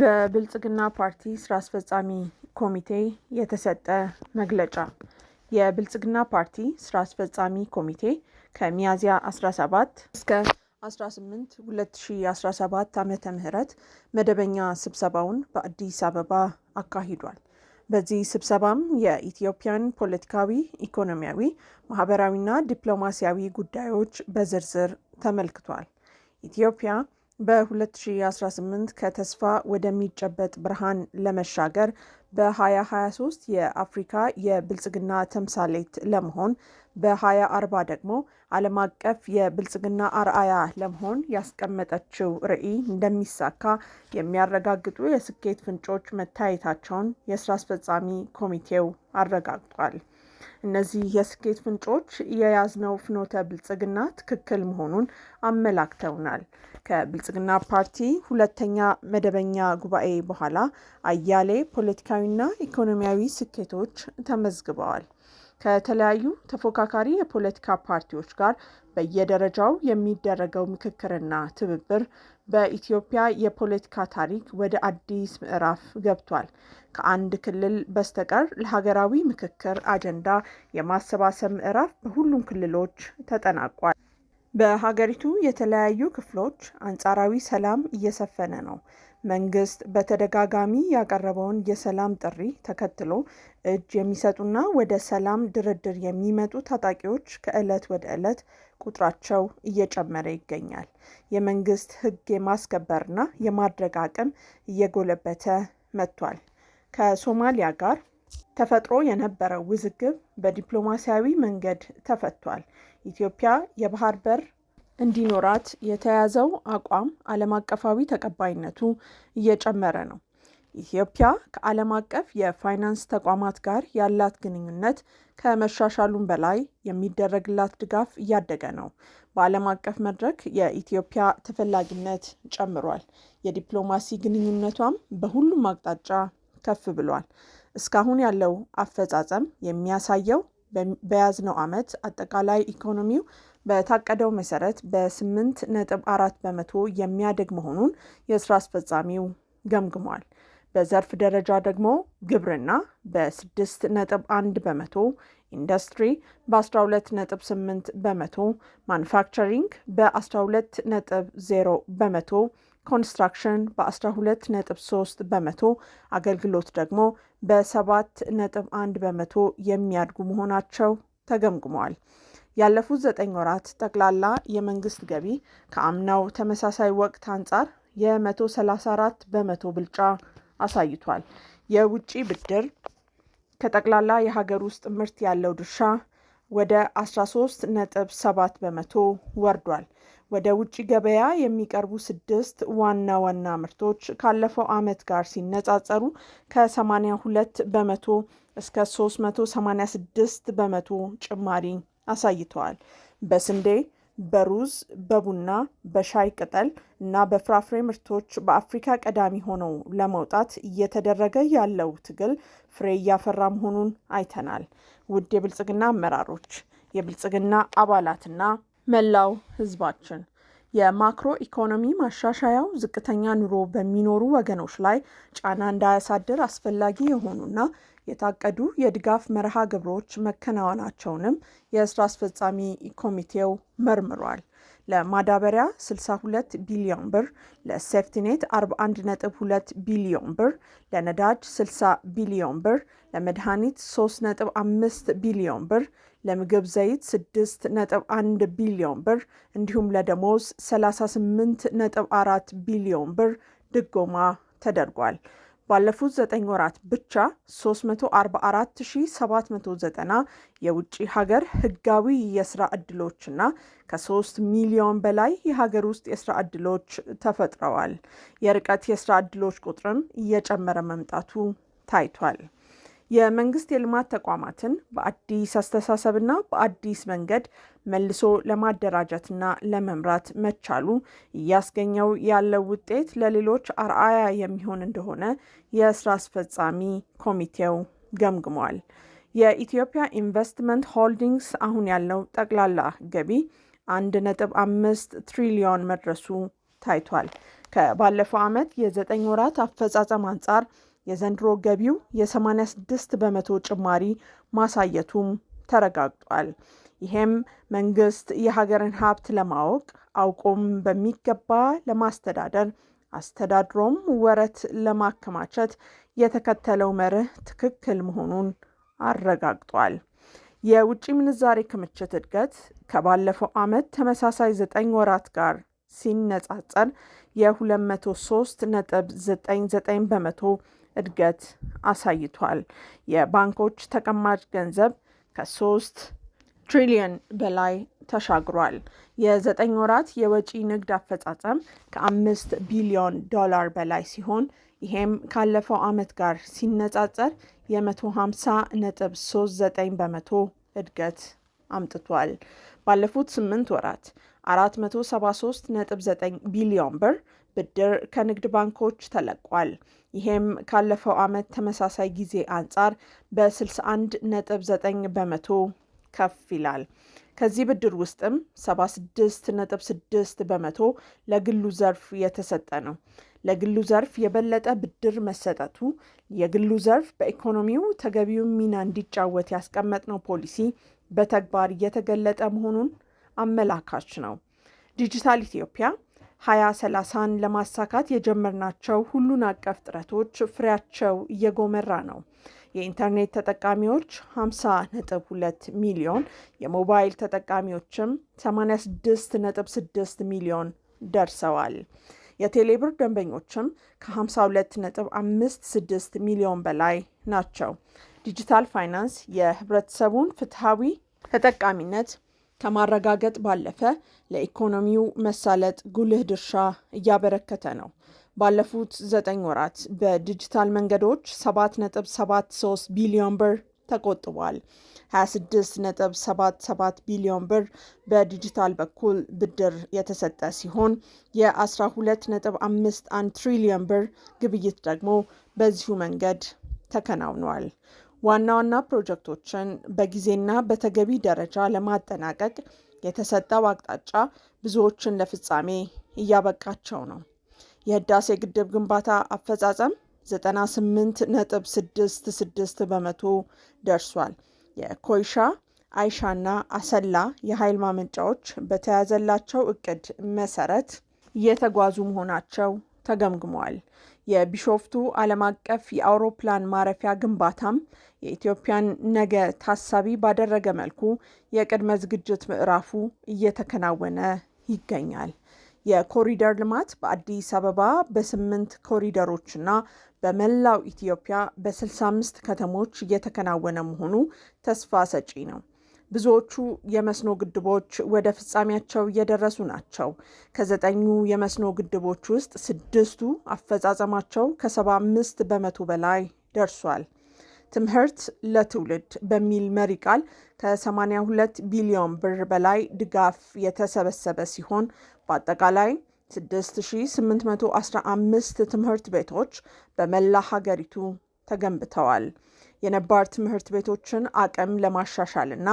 በብልጽግና ፓርቲ ስራ አስፈጻሚ ኮሚቴ የተሰጠ መግለጫ። የብልጽግና ፓርቲ ስራ አስፈጻሚ ኮሚቴ ከሚያዝያ 17 እስከ 18 2017 ዓመተ ምህረት መደበኛ ስብሰባውን በአዲስ አበባ አካሂዷል። በዚህ ስብሰባም የኢትዮጵያን ፖለቲካዊ፣ ኢኮኖሚያዊ፣ ማህበራዊና ዲፕሎማሲያዊ ጉዳዮች በዝርዝር ተመልክቷል። ኢትዮጵያ በ2018 ከተስፋ ወደሚጨበጥ ብርሃን ለመሻገር በ2023 የአፍሪካ የብልጽግና ተምሳሌት ለመሆን በ2040 ደግሞ ዓለም አቀፍ የብልጽግና አርአያ ለመሆን ያስቀመጠችው ራዕይ እንደሚሳካ የሚያረጋግጡ የስኬት ፍንጮች መታየታቸውን የስራ አስፈጻሚ ኮሚቴው አረጋግጧል። እነዚህ የስኬት ፍንጮች የያዝነው ፍኖተ ብልጽግና ትክክል መሆኑን አመላክተውናል። ከብልጽግና ፓርቲ ሁለተኛ መደበኛ ጉባኤ በኋላ አያሌ ፖለቲካዊና ኢኮኖሚያዊ ስኬቶች ተመዝግበዋል። ከተለያዩ ተፎካካሪ የፖለቲካ ፓርቲዎች ጋር በየደረጃው የሚደረገው ምክክርና ትብብር በኢትዮጵያ የፖለቲካ ታሪክ ወደ አዲስ ምዕራፍ ገብቷል። ከአንድ ክልል በስተቀር ለሀገራዊ ምክክር አጀንዳ የማሰባሰብ ምዕራፍ በሁሉም ክልሎች ተጠናቋል። በሀገሪቱ የተለያዩ ክፍሎች አንጻራዊ ሰላም እየሰፈነ ነው። መንግስት በተደጋጋሚ ያቀረበውን የሰላም ጥሪ ተከትሎ እጅ የሚሰጡና ወደ ሰላም ድርድር የሚመጡ ታጣቂዎች ከዕለት ወደ ዕለት ቁጥራቸው እየጨመረ ይገኛል። የመንግስት ህግ የማስከበርና የማድረግ አቅም እየጎለበተ መጥቷል። ከሶማሊያ ጋር ተፈጥሮ የነበረው ውዝግብ በዲፕሎማሲያዊ መንገድ ተፈቷል። ኢትዮጵያ የባህር በር እንዲኖራት የተያዘው አቋም ዓለም አቀፋዊ ተቀባይነቱ እየጨመረ ነው። ኢትዮጵያ ከዓለም አቀፍ የፋይናንስ ተቋማት ጋር ያላት ግንኙነት ከመሻሻሉም በላይ የሚደረግላት ድጋፍ እያደገ ነው። በዓለም አቀፍ መድረክ የኢትዮጵያ ተፈላጊነት ጨምሯል። የዲፕሎማሲ ግንኙነቷም በሁሉም አቅጣጫ ከፍ ብሏል። እስካሁን ያለው አፈጻጸም የሚያሳየው በያዝነው ዓመት አጠቃላይ ኢኮኖሚው በታቀደው መሰረት በስምንት ነጥብ 4 በመቶ የሚያድግ መሆኑን የስራ አስፈጻሚው ገምግሟል። በዘርፍ ደረጃ ደግሞ ግብርና በስድስት ነጥብ 1 በመቶ፣ ኢንዱስትሪ በ12 ነጥብ 8 በመቶ፣ ማኑፋክቸሪንግ በ12 ነጥብ 0 በመቶ፣ ኮንስትራክሽን በ12 3 በመቶ፣ አገልግሎት ደግሞ በ 71 ነጥብ 1 በመቶ የሚያድጉ መሆናቸው ተገምግመዋል። ያለፉት ዘጠኝ ወራት ጠቅላላ የመንግስት ገቢ ከአምናው ተመሳሳይ ወቅት አንጻር የ134 በመቶ ብልጫ አሳይቷል። የውጭ ብድር ከጠቅላላ የሀገር ውስጥ ምርት ያለው ድርሻ ወደ 13 ነጥብ 7 በመቶ ወርዷል። ወደ ውጭ ገበያ የሚቀርቡ ስድስት ዋና ዋና ምርቶች ካለፈው ዓመት ጋር ሲነጻጸሩ ከ82 በመቶ እስከ 386 በመቶ ጭማሪ አሳይተዋል። በስንዴ፣ በሩዝ፣ በቡና፣ በሻይ ቅጠል እና በፍራፍሬ ምርቶች በአፍሪካ ቀዳሚ ሆነው ለመውጣት እየተደረገ ያለው ትግል ፍሬ እያፈራ መሆኑን አይተናል። ውድ የብልጽግና አመራሮች፣ የብልጽግና አባላትና መላው ህዝባችን የማክሮ ኢኮኖሚ ማሻሻያው ዝቅተኛ ኑሮ በሚኖሩ ወገኖች ላይ ጫና እንዳያሳድር አስፈላጊ የሆኑና የታቀዱ የድጋፍ መርሃ ግብሮች መከናወናቸውንም የስራ አስፈጻሚ ኮሚቴው መርምሯል። ለማዳበሪያ 62 ቢሊዮን ብር፣ ለሴፍቲኔት 41.2 ቢሊዮን ብር፣ ለነዳጅ 60 ቢሊዮን ብር፣ ለመድኃኒት 3.5 ቢሊዮን ብር፣ ለምግብ ዘይት 6.1 ቢሊዮን ብር እንዲሁም ለደሞዝ 38.4 ቢሊዮን ብር ድጎማ ተደርጓል። ባለፉት ዘጠኝ ወራት ብቻ 344790 የውጭ ሀገር ህጋዊ የስራ ዕድሎችና ከ3 ሚሊዮን በላይ የሀገር ውስጥ የስራ ዕድሎች ተፈጥረዋል። የርቀት የስራ እድሎች ቁጥርም እየጨመረ መምጣቱ ታይቷል። የመንግስት የልማት ተቋማትን በአዲስ አስተሳሰብና በአዲስ መንገድ መልሶ ለማደራጀትና ለመምራት መቻሉ እያስገኘው ያለው ውጤት ለሌሎች አርአያ የሚሆን እንደሆነ የስራ አስፈጻሚ ኮሚቴው ገምግሟል። የኢትዮጵያ ኢንቨስትመንት ሆልዲንግስ አሁን ያለው ጠቅላላ ገቢ አንድ ነጥብ አምስት ትሪሊዮን መድረሱ ታይቷል። ከባለፈው ዓመት የዘጠኝ ወራት አፈጻጸም አንጻር የዘንድሮ ገቢው የ86 በመቶ ጭማሪ ማሳየቱም ተረጋግጧል። ይሄም መንግስት የሀገርን ሀብት ለማወቅ አውቆም በሚገባ ለማስተዳደር አስተዳድሮም ወረት ለማከማቸት የተከተለው መርህ ትክክል መሆኑን አረጋግጧል። የውጭ ምንዛሬ ክምችት እድገት ከባለፈው ዓመት ተመሳሳይ 9 ወራት ጋር ሲነጻጸር የ203.99 በመቶ እድገት አሳይቷል። የባንኮች ተቀማጭ ገንዘብ ከሶስት ትሪሊየን በላይ ተሻግሯል። የዘጠኝ ወራት የወጪ ንግድ አፈጻጸም ከአምስት ቢሊዮን ዶላር በላይ ሲሆን ይሄም ካለፈው ዓመት ጋር ሲነጻጸር የ150 ነጥብ 39 በመቶ እድገት አምጥቷል። ባለፉት ስምንት ወራት 473 ነጥብ 9 ቢሊዮን ብር ብድር ከንግድ ባንኮች ተለቋል። ይሄም ካለፈው ዓመት ተመሳሳይ ጊዜ አንጻር በ61 ነጥብ 9 በመቶ ከፍ ይላል። ከዚህ ብድር ውስጥም 76 ነጥብ 6 በመቶ ለግሉ ዘርፍ የተሰጠ ነው። ለግሉ ዘርፍ የበለጠ ብድር መሰጠቱ የግሉ ዘርፍ በኢኮኖሚው ተገቢውን ሚና እንዲጫወት ያስቀመጥነው ፖሊሲ በተግባር እየተገለጠ መሆኑን አመላካች ነው። ዲጂታል ኢትዮጵያ ሀያ ን ለማሳካት የጀመርናቸው ሁሉን አቀፍ ጥረቶች ፍሬያቸው እየጎመራ ነው። የኢንተርኔት ተጠቃሚዎች 50.2 ሚሊዮን፣ የሞባይል ተጠቃሚዎችም 86.6 ሚሊዮን ደርሰዋል። የቴሌብር ደንበኞችም ከ52.56 ሚሊዮን በላይ ናቸው። ዲጂታል ፋይናንስ የህብረተሰቡን ፍትሐዊ ተጠቃሚነት ከማረጋገጥ ባለፈ ለኢኮኖሚው መሳለጥ ጉልህ ድርሻ እያበረከተ ነው። ባለፉት ዘጠኝ ወራት በዲጂታል መንገዶች 7.73 ቢሊዮን ብር ተቆጥቧል። 26.77 ቢሊዮን ብር በዲጂታል በኩል ብድር የተሰጠ ሲሆን የ12.51 ትሪሊዮን ብር ግብይት ደግሞ በዚሁ መንገድ ተከናውኗል። ዋና ዋና ፕሮጀክቶችን በጊዜና በተገቢ ደረጃ ለማጠናቀቅ የተሰጠው አቅጣጫ ብዙዎችን ለፍጻሜ እያበቃቸው ነው። የህዳሴ ግድብ ግንባታ አፈጻጸም 98.66 በመቶ ደርሷል። የኮይሻ አይሻና አሰላ የኃይል ማመንጫዎች በተያዘላቸው እቅድ መሰረት እየተጓዙ መሆናቸው ተገምግመዋል። የቢሾፍቱ ዓለም አቀፍ የአውሮፕላን ማረፊያ ግንባታም የኢትዮጵያን ነገ ታሳቢ ባደረገ መልኩ የቅድመ ዝግጅት ምዕራፉ እየተከናወነ ይገኛል። የኮሪደር ልማት በአዲስ አበባ በስምንት ኮሪደሮችና በመላው ኢትዮጵያ በ65 ከተሞች እየተከናወነ መሆኑ ተስፋ ሰጪ ነው። ብዙዎቹ የመስኖ ግድቦች ወደ ፍጻሜያቸው እየደረሱ ናቸው። ከዘጠኙ የመስኖ ግድቦች ውስጥ ስድስቱ አፈጻጸማቸው ከ75 በመቶ በላይ ደርሷል። ትምህርት ለትውልድ በሚል መሪ ቃል ከ82 ቢሊዮን ብር በላይ ድጋፍ የተሰበሰበ ሲሆን በአጠቃላይ 6815 ትምህርት ቤቶች በመላ ሀገሪቱ ተገንብተዋል። የነባር ትምህርት ቤቶችን አቅም ለማሻሻልና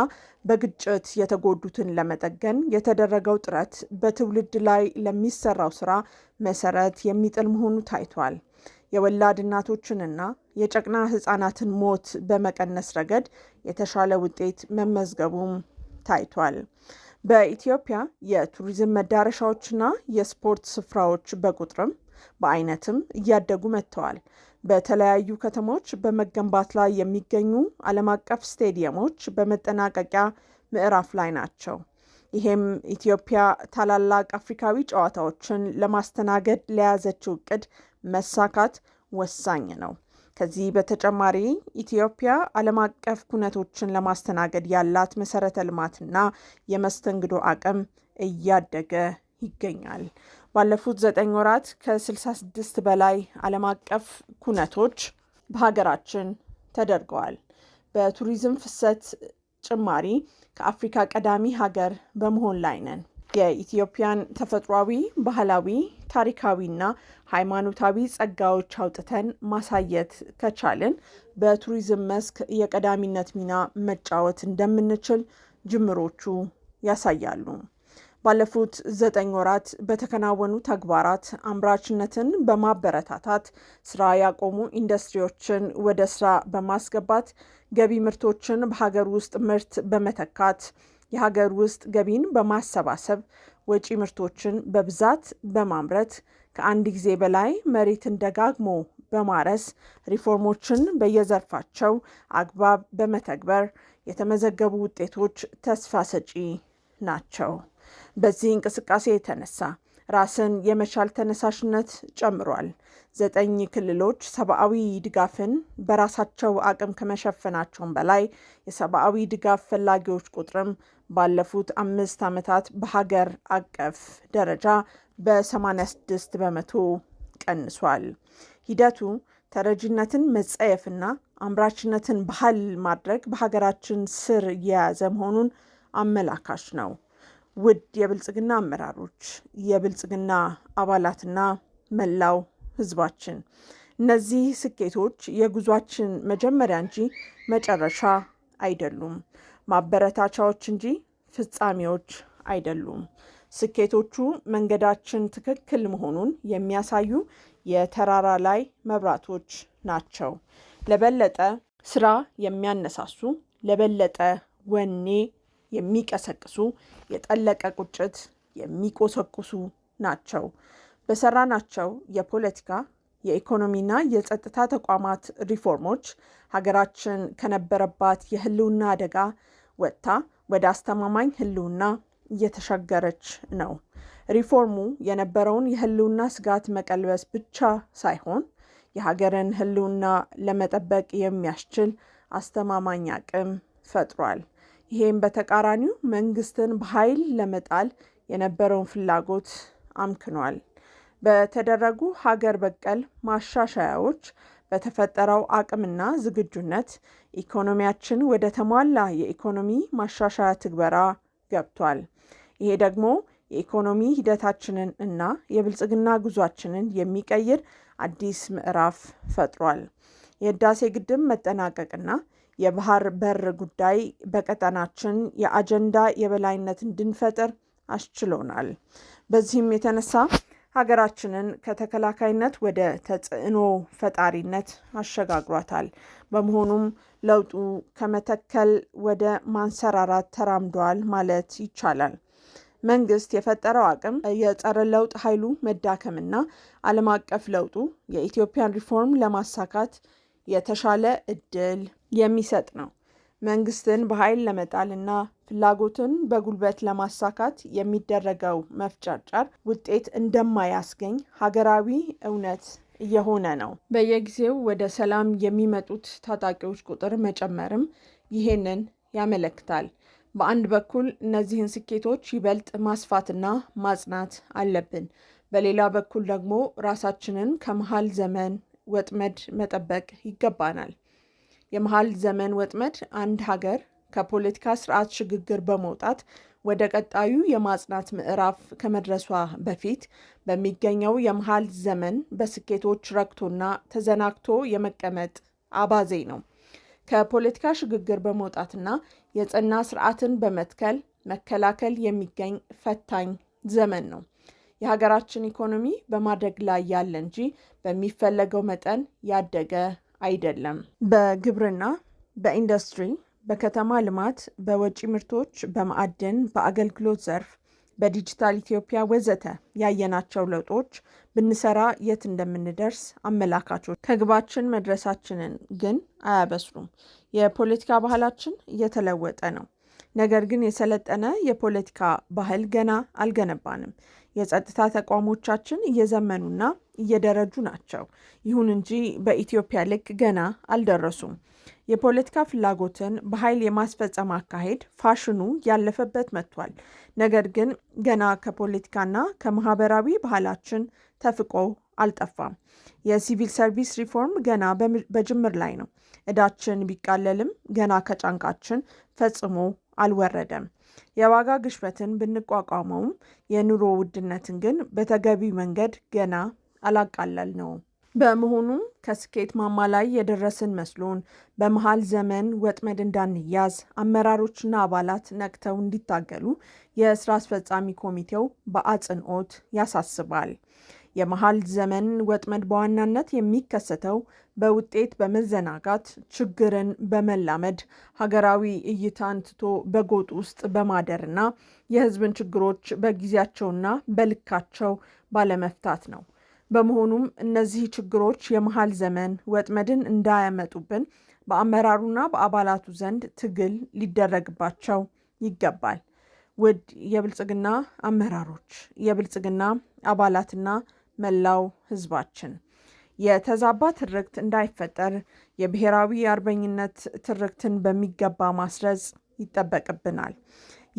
በግጭት የተጎዱትን ለመጠገን የተደረገው ጥረት በትውልድ ላይ ለሚሰራው ስራ መሰረት የሚጥል መሆኑ ታይቷል። የወላድ እናቶችንና የጨቅና ህጻናትን ሞት በመቀነስ ረገድ የተሻለ ውጤት መመዝገቡም ታይቷል። በኢትዮጵያ የቱሪዝም መዳረሻዎችና የስፖርት ስፍራዎች በቁጥርም በአይነትም እያደጉ መጥተዋል። በተለያዩ ከተሞች በመገንባት ላይ የሚገኙ ዓለም አቀፍ ስቴዲየሞች በመጠናቀቂያ ምዕራፍ ላይ ናቸው። ይሄም ኢትዮጵያ ታላላቅ አፍሪካዊ ጨዋታዎችን ለማስተናገድ ለያዘችው እቅድ መሳካት ወሳኝ ነው። ከዚህ በተጨማሪ ኢትዮጵያ ዓለም አቀፍ ኩነቶችን ለማስተናገድ ያላት መሰረተ ልማትና የመስተንግዶ አቅም እያደገ ይገኛል። ባለፉት ዘጠኝ ወራት ከ66 በላይ ዓለም አቀፍ ኩነቶች በሀገራችን ተደርገዋል። በቱሪዝም ፍሰት ጭማሪ ከአፍሪካ ቀዳሚ ሀገር በመሆን ላይ ነን። የኢትዮጵያን ተፈጥሯዊ፣ ባህላዊ፣ ታሪካዊና ሃይማኖታዊ ጸጋዎች አውጥተን ማሳየት ከቻልን በቱሪዝም መስክ የቀዳሚነት ሚና መጫወት እንደምንችል ጅምሮቹ ያሳያሉ። ባለፉት ዘጠኝ ወራት በተከናወኑ ተግባራት አምራችነትን በማበረታታት ስራ ያቆሙ ኢንዱስትሪዎችን ወደ ስራ በማስገባት ገቢ ምርቶችን በሀገር ውስጥ ምርት በመተካት የሀገር ውስጥ ገቢን በማሰባሰብ ወጪ ምርቶችን በብዛት በማምረት ከአንድ ጊዜ በላይ መሬትን ደጋግሞ በማረስ ሪፎርሞችን በየዘርፋቸው አግባብ በመተግበር የተመዘገቡ ውጤቶች ተስፋ ሰጪ ናቸው። በዚህ እንቅስቃሴ የተነሳ ራስን የመቻል ተነሳሽነት ጨምሯል። ዘጠኝ ክልሎች ሰብአዊ ድጋፍን በራሳቸው አቅም ከመሸፈናቸውም በላይ የሰብአዊ ድጋፍ ፈላጊዎች ቁጥርም ባለፉት አምስት ዓመታት በሀገር አቀፍ ደረጃ በ86 በመቶ ቀንሷል። ሂደቱ ተረጂነትን መጸየፍና አምራችነትን ባህል ማድረግ በሀገራችን ስር እየያዘ መሆኑን አመላካች ነው። ውድ የብልጽግና አመራሮች፣ የብልጽግና አባላትና መላው ህዝባችን እነዚህ ስኬቶች የጉዟችን መጀመሪያ እንጂ መጨረሻ አይደሉም። ማበረታቻዎች እንጂ ፍጻሜዎች አይደሉም። ስኬቶቹ መንገዳችን ትክክል መሆኑን የሚያሳዩ የተራራ ላይ መብራቶች ናቸው። ለበለጠ ስራ የሚያነሳሱ፣ ለበለጠ ወኔ የሚቀሰቅሱ የጠለቀ ቁጭት የሚቆሰቁሱ ናቸው። በሰራናቸው የፖለቲካ የኢኮኖሚና የጸጥታ ተቋማት ሪፎርሞች ሀገራችን ከነበረባት የህልውና አደጋ ወጥታ ወደ አስተማማኝ ህልውና እየተሻገረች ነው። ሪፎርሙ የነበረውን የህልውና ስጋት መቀልበስ ብቻ ሳይሆን የሀገርን ህልውና ለመጠበቅ የሚያስችል አስተማማኝ አቅም ፈጥሯል። ይሄም በተቃራኒው መንግስትን በኃይል ለመጣል የነበረውን ፍላጎት አምክኗል። በተደረጉ ሀገር በቀል ማሻሻያዎች በተፈጠረው አቅምና ዝግጁነት ኢኮኖሚያችን ወደ ተሟላ የኢኮኖሚ ማሻሻያ ትግበራ ገብቷል። ይሄ ደግሞ የኢኮኖሚ ሂደታችንን እና የብልጽግና ጉዟችንን የሚቀይር አዲስ ምዕራፍ ፈጥሯል። የህዳሴ ግድብ መጠናቀቅና የባህር በር ጉዳይ በቀጠናችን የአጀንዳ የበላይነት እንድንፈጥር አስችሎናል። በዚህም የተነሳ ሀገራችንን ከተከላካይነት ወደ ተጽዕኖ ፈጣሪነት አሸጋግሯታል። በመሆኑም ለውጡ ከመተከል ወደ ማንሰራራት ተራምዷል ማለት ይቻላል። መንግስት የፈጠረው አቅም የጸረ ለውጥ ኃይሉ መዳከምና ዓለም አቀፍ ለውጡ የኢትዮጵያን ሪፎርም ለማሳካት የተሻለ እድል የሚሰጥ ነው። መንግስትን በኃይል ለመጣልና ፍላጎትን በጉልበት ለማሳካት የሚደረገው መፍጨርጨር ውጤት እንደማያስገኝ ሀገራዊ እውነት እየሆነ ነው። በየጊዜው ወደ ሰላም የሚመጡት ታጣቂዎች ቁጥር መጨመርም ይሄንን ያመለክታል። በአንድ በኩል እነዚህን ስኬቶች ይበልጥ ማስፋትና ማጽናት አለብን። በሌላ በኩል ደግሞ ራሳችንን ከመሀል ዘመን ወጥመድ መጠበቅ ይገባናል። የመሀል ዘመን ወጥመድ አንድ ሀገር ከፖለቲካ ስርዓት ሽግግር በመውጣት ወደ ቀጣዩ የማጽናት ምዕራፍ ከመድረሷ በፊት በሚገኘው የመሀል ዘመን በስኬቶች ረክቶና ተዘናግቶ የመቀመጥ አባዜ ነው። ከፖለቲካ ሽግግር በመውጣትና የጸና ስርዓትን በመትከል መከላከል የሚገኝ ፈታኝ ዘመን ነው። የሀገራችን ኢኮኖሚ በማደግ ላይ ያለ እንጂ በሚፈለገው መጠን ያደገ አይደለም። በግብርና፣ በኢንዱስትሪ፣ በከተማ ልማት፣ በወጪ ምርቶች፣ በማዕድን፣ በአገልግሎት ዘርፍ፣ በዲጂታል ኢትዮጵያ ወዘተ ያየናቸው ለውጦች ብንሰራ የት እንደምንደርስ አመላካቾች፣ ከግባችን መድረሳችንን ግን አያበስሩም። የፖለቲካ ባህላችን እየተለወጠ ነው። ነገር ግን የሰለጠነ የፖለቲካ ባህል ገና አልገነባንም። የጸጥታ ተቋሞቻችን እየዘመኑና እየደረጁ ናቸው። ይሁን እንጂ በኢትዮጵያ ልክ ገና አልደረሱም። የፖለቲካ ፍላጎትን በኃይል የማስፈጸም አካሄድ ፋሽኑ ያለፈበት መጥቷል። ነገር ግን ገና ከፖለቲካና ከማህበራዊ ባህላችን ተፍቆ አልጠፋም። የሲቪል ሰርቪስ ሪፎርም ገና በጅምር ላይ ነው። እዳችን ቢቃለልም ገና ከጫንቃችን ፈጽሞ አልወረደም። የዋጋ ግሽበትን ብንቋቋመውም የኑሮ ውድነትን ግን በተገቢ መንገድ ገና አላቃለል ነው። በመሆኑም ከስኬት ማማ ላይ የደረስን መስሎን በመሀል ዘመን ወጥመድ እንዳንያዝ አመራሮችና አባላት ነቅተው እንዲታገሉ የስራ አስፈጻሚ ኮሚቴው በአጽንኦት ያሳስባል። የመሀል ዘመን ወጥመድ በዋናነት የሚከሰተው በውጤት በመዘናጋት ችግርን በመላመድ ሀገራዊ እይታን ትቶ በጎጥ ውስጥ በማደርና የሕዝብን ችግሮች በጊዜያቸውና በልካቸው ባለመፍታት ነው። በመሆኑም እነዚህ ችግሮች የመሀል ዘመን ወጥመድን እንዳያመጡብን በአመራሩና በአባላቱ ዘንድ ትግል ሊደረግባቸው ይገባል። ውድ የብልጽግና አመራሮች፣ የብልጽግና አባላትና መላው ህዝባችን የተዛባ ትርክት እንዳይፈጠር የብሔራዊ አርበኝነት ትርክትን በሚገባ ማስረጽ ይጠበቅብናል።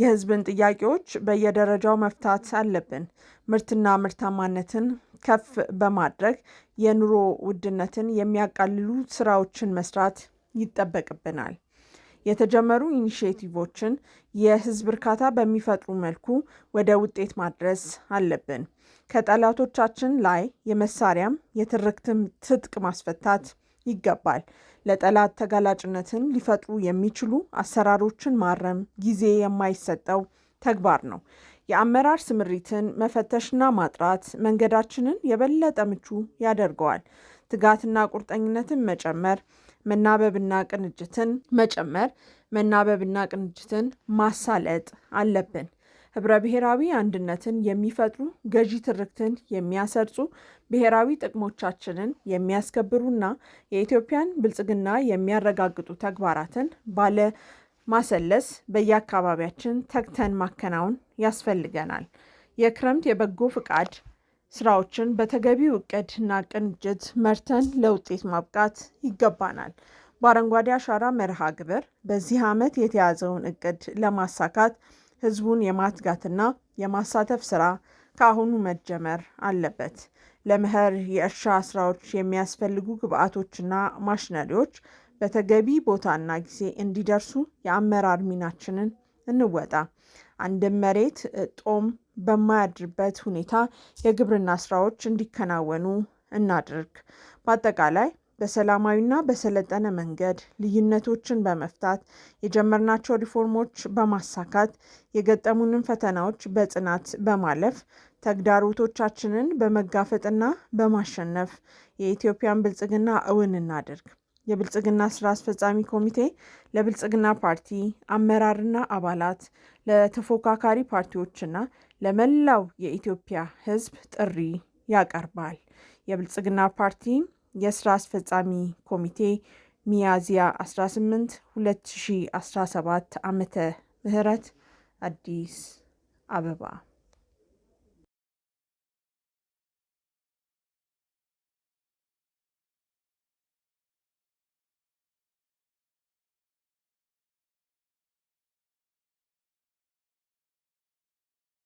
የህዝብን ጥያቄዎች በየደረጃው መፍታት አለብን። ምርትና ምርታማነትን ከፍ በማድረግ የኑሮ ውድነትን የሚያቃልሉ ስራዎችን መስራት ይጠበቅብናል። የተጀመሩ ኢኒሼቲቮችን የህዝብ እርካታ በሚፈጥሩ መልኩ ወደ ውጤት ማድረስ አለብን። ከጠላቶቻችን ላይ የመሳሪያም የትርክትም ትጥቅ ማስፈታት ይገባል። ለጠላት ተጋላጭነትን ሊፈጥሩ የሚችሉ አሰራሮችን ማረም ጊዜ የማይሰጠው ተግባር ነው። የአመራር ስምሪትን መፈተሽና ማጥራት መንገዳችንን የበለጠ ምቹ ያደርገዋል። ትጋትና ቁርጠኝነትን መጨመር መናበብና ቅንጅትን መጨመር፣ መናበብና ቅንጅትን ማሳለጥ አለብን። ህብረ ብሔራዊ አንድነትን የሚፈጥሩ ገዢ ትርክትን የሚያሰርጹ ብሔራዊ ጥቅሞቻችንን የሚያስከብሩና የኢትዮጵያን ብልጽግና የሚያረጋግጡ ተግባራትን ባለ ማሰለስ በየአካባቢያችን ተግተን ማከናወን ያስፈልገናል። የክረምት የበጎ ፍቃድ ስራዎችን በተገቢው እቅድና ቅንጅት መርተን ለውጤት ማብቃት ይገባናል። በአረንጓዴ አሻራ መርሃ ግብር በዚህ ዓመት የተያዘውን እቅድ ለማሳካት ህዝቡን የማትጋትና የማሳተፍ ስራ ከአሁኑ መጀመር አለበት። ለመኸር የእርሻ ስራዎች የሚያስፈልጉ ግብዓቶችና ማሽነሪዎች በተገቢ ቦታና ጊዜ እንዲደርሱ የአመራር ሚናችንን እንወጣ። አንድም መሬት ጦም በማያድርበት ሁኔታ የግብርና ስራዎች እንዲከናወኑ እናድርግ። በአጠቃላይ በሰላማዊና በሰለጠነ መንገድ ልዩነቶችን በመፍታት የጀመርናቸው ሪፎርሞች በማሳካት የገጠሙንን ፈተናዎች በጽናት በማለፍ ተግዳሮቶቻችንን በመጋፈጥና በማሸነፍ የኢትዮጵያን ብልጽግና እውን እናድርግ። የብልጽግና ስራ አስፈጻሚ ኮሚቴ ለብልጽግና ፓርቲ አመራርና አባላት ለተፎካካሪ ፓርቲዎችና ለመላው የኢትዮጵያ ሕዝብ ጥሪ ያቀርባል። የብልጽግና ፓርቲ የስራ አስፈጻሚ ኮሚቴ ሚያዝያ 18 2017 ዓመተ ምህረት አዲስ አበባ